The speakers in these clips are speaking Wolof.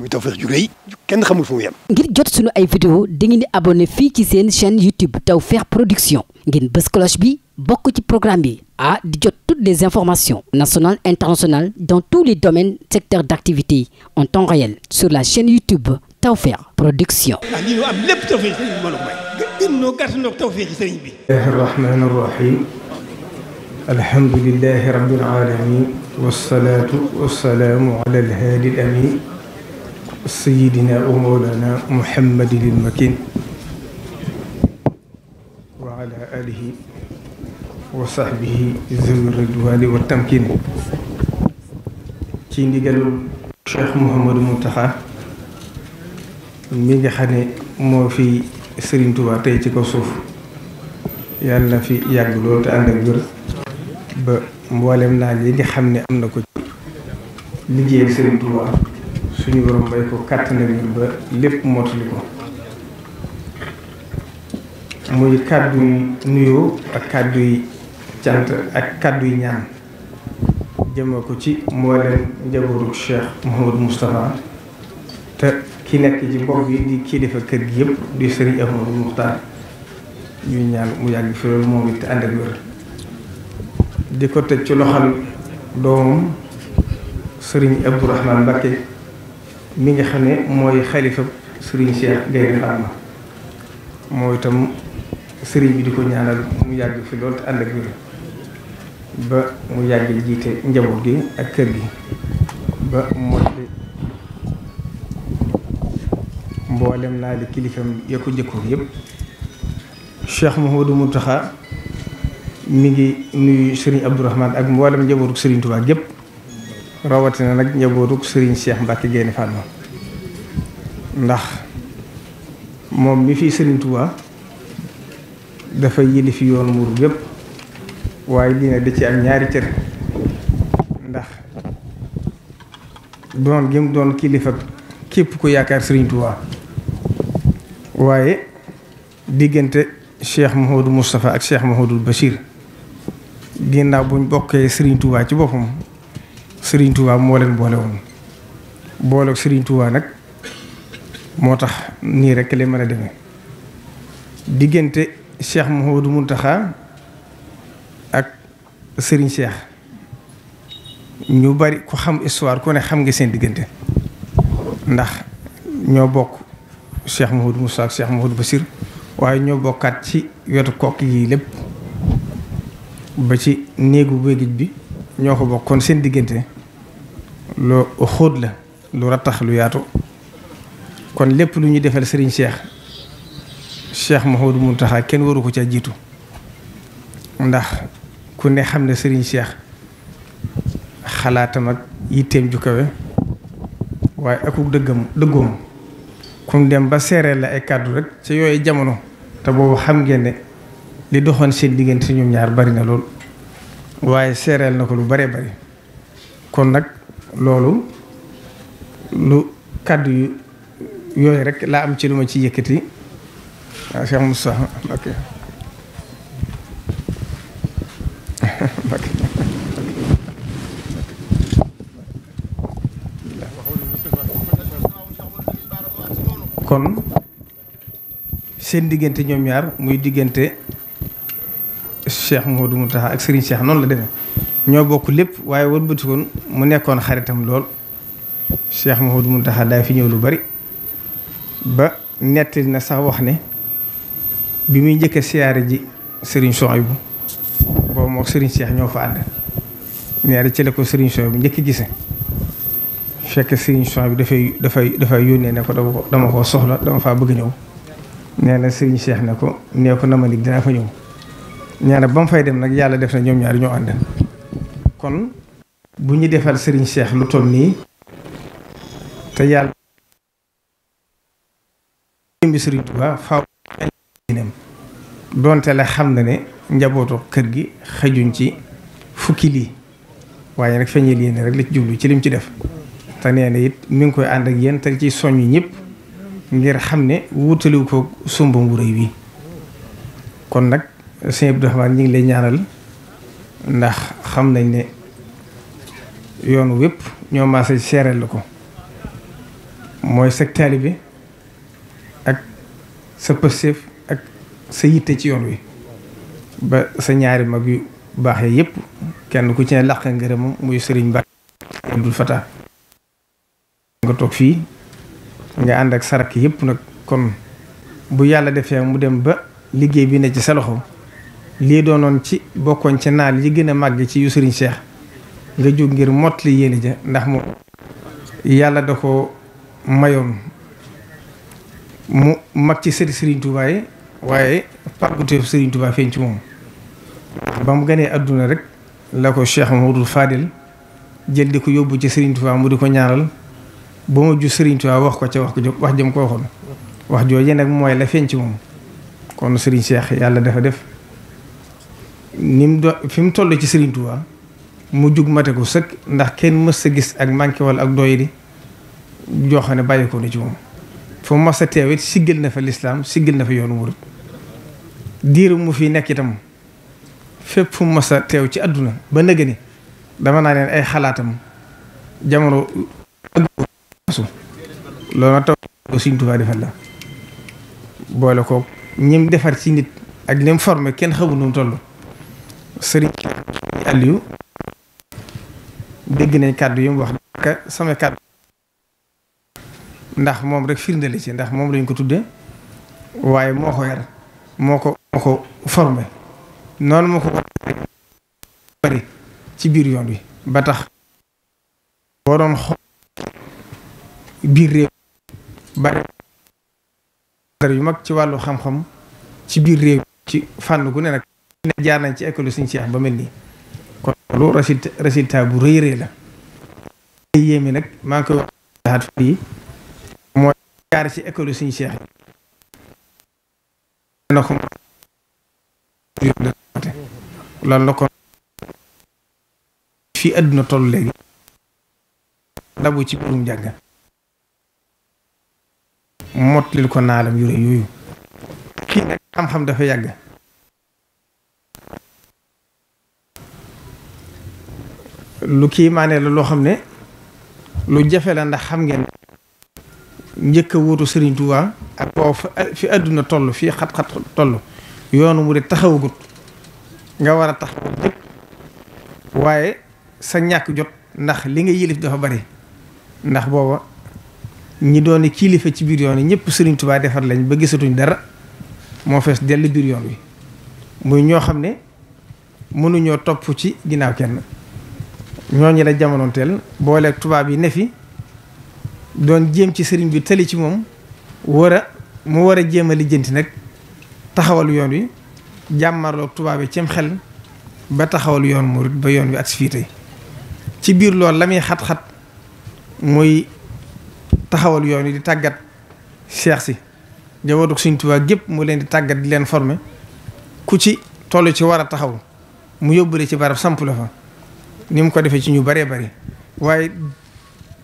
muy Tawfekh ju rëy kenn xamul fu mu yem. ngir jot sunu ay vidéo dangeen di abonné fii ci seen chaîne YouTube Tawfekh Production ngeen bës cloche bi bokk ci programme bi ah di jot toutes des informations nationales internationales dans tous les domaines secteurs d'activité en temps réel sur la chaîne YouTube Tawfekh Production. ah lii ñu am lépp Tawfekh sëriñ bi mbooloo mooy. gën gën ñoo gàtt ñoo Tawfekh sëriñ bi. bismillahi rahmaani rahim alhamdulillahi rabbil alamin wassalaatu sayyidina wa mawlana muhammadin al-makin wa ala alihi wa sahbihi zawi ridwani wa tamkin ci ndigalu cheikh mouhamadou mountakha mi nga xam moo fi sëriñ Tuubaa tey ci kaw suuf yàlla na fi yàgg te ànd ak wér ba mboolem naa yi nga xam ne am na ko ci sëriñ Tuubaa suñu borom may ko kàttan ak muy kàddu yu nuyoo ak kàddu yi ak kàddu ñaan jëme ko ci mboolem njabootu Cheikh Mouhamadou Moustapha te ki nekk ci bopp bi di kilifa kër gi yëpp di sëriñ Ahmadou Muxtaar ñuy ñaan mu yàgg fi moom it ànd ak wér di ko teg ci loxal doomam sëriñ Abdourahmane Mbacké mi nga xam ne mooy xalifa sëriñ Cheikh Gaynde Fatma moo itam sëriñ bi di ko ñaanal mu yàgg fi loolu te ànd ak bi ba mu yàgg jiite njaboot gi ak kër gi ba mboolem naa di kilifam ya ko jëkkoon yëpp Cheikh Mouhamadou Mountakha mi ngi nuyu sëriñ Abdourahmane ak mboolem njabootu sëriñ Touba gépp rawatina nag njabootuk sëriñ Cheikh Mbacke Gaynde Fatma ndax moom mi fi sëriñ Touba dafa yili fi yoon muur yépp waaye dina da ci am ñaari cër ndax doon gëm doon kilifa képp ku yaakaar sëriñ Touba waaye diggante Cheikh Mouhamadou mustafa ak Cheikh Mouhamadou Bachir ginnaaw buñ bokkee sëriñ Touba ci boppam sëriñ Touba moo leen boole woon boole Serigne Touba nag moo tax nii rekk lay mën a deme diggante Cheikh mu Mountakha ak Serigne seex ñu bari ku xam histoire ku ne xam nga seen diggante ndax ñoo bokk mu Cheikh Mouhamadou Moussa ak Cheikh Mouhamadou Bassir waaye ñoo bokkaat ci wetu kokk yi lépp ba ci néegu bëggit bi ñoo ko bokk kon seen diggante lu xóot la lu rattax lu yaatu kon lépp lu ñuy defal Serigne Cheikh Cheikh Mouhamadou taxaa kenn waru ko ca jiitu ndax ku ne xam ne sëriñ Cheikh xalaatam ak yitteem ju kawe waaye akuk dëggam dëggoom kum dem ba seeree la ay kàddu rek ca yooyu jamono te boobu xam ngeen ne li doxoon seen diggante ñoom ñaar bari na lool. waaye seereel na ko lu bare bari kon nag loolu lu kàddu yooyu rek laa am ci lu ci yëkkati waaw kon seen diggante ñoom ñaar muy diggante Cheikh Mouhamadou Mountakha ak Serigne seex noonu la demee ñoo bokk lépp waaye wëlbatikoon mu nekkoon xaritam lool Cheikh Mouhamadou Mountakha daay fi ñëw lu bari ba nettali na sa wax ne bi muy njëkk a siyaare ji Serigne Souhaïbou boobu moo Serigne Cheikh ñoo fa ànd ñaari ci la ko Serigne Souhaïbou njëkk a gisee fekk Serigne Souhaïbou dafay dafay dafay yónnee ne ko dama ko dama koo soxla dama faa bëgg ñëw nee na Serigne Cheikh ne ko nee ko na ma lig dinaa fa ñëw. ñaana na ba mu fay dem nag yàlla def na ñoom ñaari ñoo ànd kon bu ñu defal sëriñ Cheikh lu toll nii te yàlla jëmbi Serigne Touba doonte la xam na ne njabootu kër gi xëjuñ ci fukki lii waaye nag feeñal yéene rek la ci jublu ci lim ci def te nee na it mi ngi koy ànd ak yéen te ci soññ ñëpp ngir xam ne wutaliw ko sumbam wu rëy wi kon nag sëñ Abdou Rahmane ñu ngi lay ñaanal ndax xam nañ ne yoon wépp ñoo maasee seereel la ko mooy sa taalibe ak sa pëstéef ak sa yitte ci yoon wi ba sa ñaari mag yu baaxee yépp kenn ku ci ne làq ngërëmam muy sëriñ Mbàkke Abdul Fatah nga toog fii nga ànd ak sarak yépp nag kon bu yàlla defee mu dem ba liggéey bi ne ci sa loxo lii doonoon ci bokkoon ci naal yi gën a màgg ci yu Serigne Cheikh nga jóg ngir mott li yéene ja ndax moom yàlla da ko mayoon mu mag ci sëri Serigne waaye pàgguteef Serigne Touba feeñ ci moom ba mu gënee àdduna rek la ko Cheikh Mamadou Fadil jël di ko yóbbu ci Serigne Touba mu di ko ñaaral ba mu ju Serigne Touba wax ko ca wax ko wax jëm ko waxoon wax jooje nag mooy la feeñ ci moom kon Serigne Cheikh yàlla dafa def ni do fi mu toll ci Serigne Touba mu jug mate ko sëkk ndax kenn mës sa gis ak manqué wala ak doy di joo xam ne bàyyi ko na ci moom fu mu mës a teewit siggal na fa lislaam siggal na fa yoonu murit diiru mu fi nekk itam fépp fu mu mës a teew ci àdduna ba nëgë ni dama naa leen ay xalaatam jamono loolu nag taw Serigne Touba defal la boole ko ñim defar ci nit ak ñim formé kenn xamul nu mu toll sëriñ Aliou dégg nañ kàddu yi mu wax ndax moom rek firndali si ndax moom lañu ko tudde waaye moo ko yar moo ko moo ko formé noonu moo ko bari ci biir yoon wi ba tax boo doon xool biir réew bari yu mag ci wàllu xam-xam ci biir réew ci fànn gu ne nag ne jaar nañ ci école suñu Cheikh ba mel nii kon loolu résultat résultat bu rëy rëy la ay yéemi nag maa ngi koy wax daxaat fii mooy jaar ci école suñu Cheikh na ko fii àdduna toll léegi dabu ci burum jàng mottalil ko naalam yu rëy yooyu kii nag xam-xam dafa yàgg lu kii la loo xam ne lu jafe la ndax xam ngeen njëkk a wuutu Serigne Touba ak boo fi àdduna toll fii xat-xat toll yoonu mu de taxawagut nga war a taxaw jëkk waaye sa ñàkk jot ndax li nga yilif dafa bari ndax booba ñi doon kiilifa ci biir yoon yi ñëpp Serigne Touba defar lañ ba gisatuñ dara moo fees dell biir yoon wi muy ñoo xam ne mënuñoo topp ci ginnaaw kenn. ñooñu la jamonoon teel booleeg tubaab yi ne fi doon jéem ci sëriñ bi tëli ci moom war a mu war a jéem a lijjanti nag taxawal yoon wi jàmmarloog tubaab yi cim xel ba taxawal yoon murit ba yoon wi ak si fii tey ci biir lool la muy xat-xat muy taxawal yoon wi di tàggat seex si jabootug suñ tubaab gépp mu leen di tàggat di leen forme ku ci toll ci war a taxaw mu yóbbule ci barab samp fa ni mu ko defee ci ñu bëree bëri waaye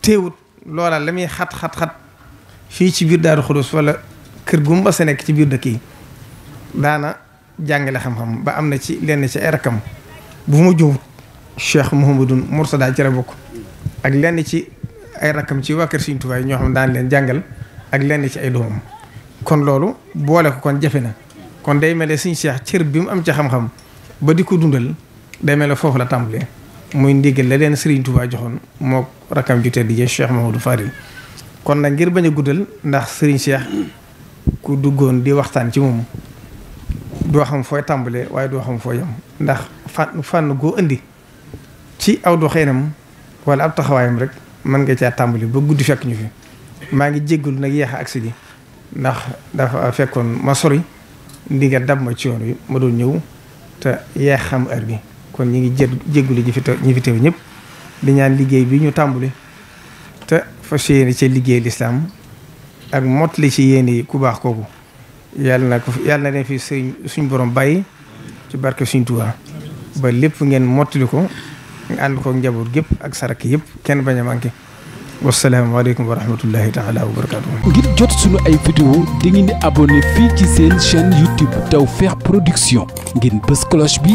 teewut loolaal la muy xat xat xat fii ci biir Daaru Xudus wala kër gu mu mës nekk ci biir dëkk yi daana jàngale xam-xam ba am na ci lenn ci ay rakkam bu ma juum Cheikh Mouhamadou Mourtada ci la bokk ak lenn ci ay ci waa kër Sëriñ Tuubaa ñoo xam daan leen jàngal ak lenn ci ay doom kon loolu boole ko kon jafe na kon day mel ne Sëriñ Cheikh cër bi mu am ci xam-xam ba di ko dundal day mel ne foofu la tàmbalee. muy ndigal la leen Serigne Touba joxoon moo rakam ju tedd ji Cheikh Mahamadou Fadil kon nag ngir bañ a guddal ndax Serigne Cheikh ku duggoon di waxtaan ci moom doo xam fooy tàmbalee waaye doo xam fooy yam ndax fànn fànn goo indi ci aw doxinam wala ab taxawaayam rek mën nga caa tàmbali ba guddi fekk ñu fi maa ngi jéggalu nag yeex a agsi gi ndax dafa fekkoon ma sori ndi nga dab ma ci yoon wi ma doon ñëw te yeex xam heure bi kon ñi ngi jé jégguli ji fi teew ñi fi teew ñëpp di ñaan liggéey bi ñu tàmbali te fas yéene ci liggéey lislaam ak motli ci yéen yi ku baax kooku yàlla na ko yàlla na leen fi suñ boroom bàyyi ci barke suñ Tuubaa ba lépp ngeen mottali ko nga ànd ko njaboot gépp ak sarak yëpp kenn bañ a manqué wasalaamaaleykum wa rahmatullahi taala wa barakaatu. ngir jot suñu ay vidéo di ngeen di abonné fii ci seen chaîne YouTube Tawfekh Production ngeen bës cloche bi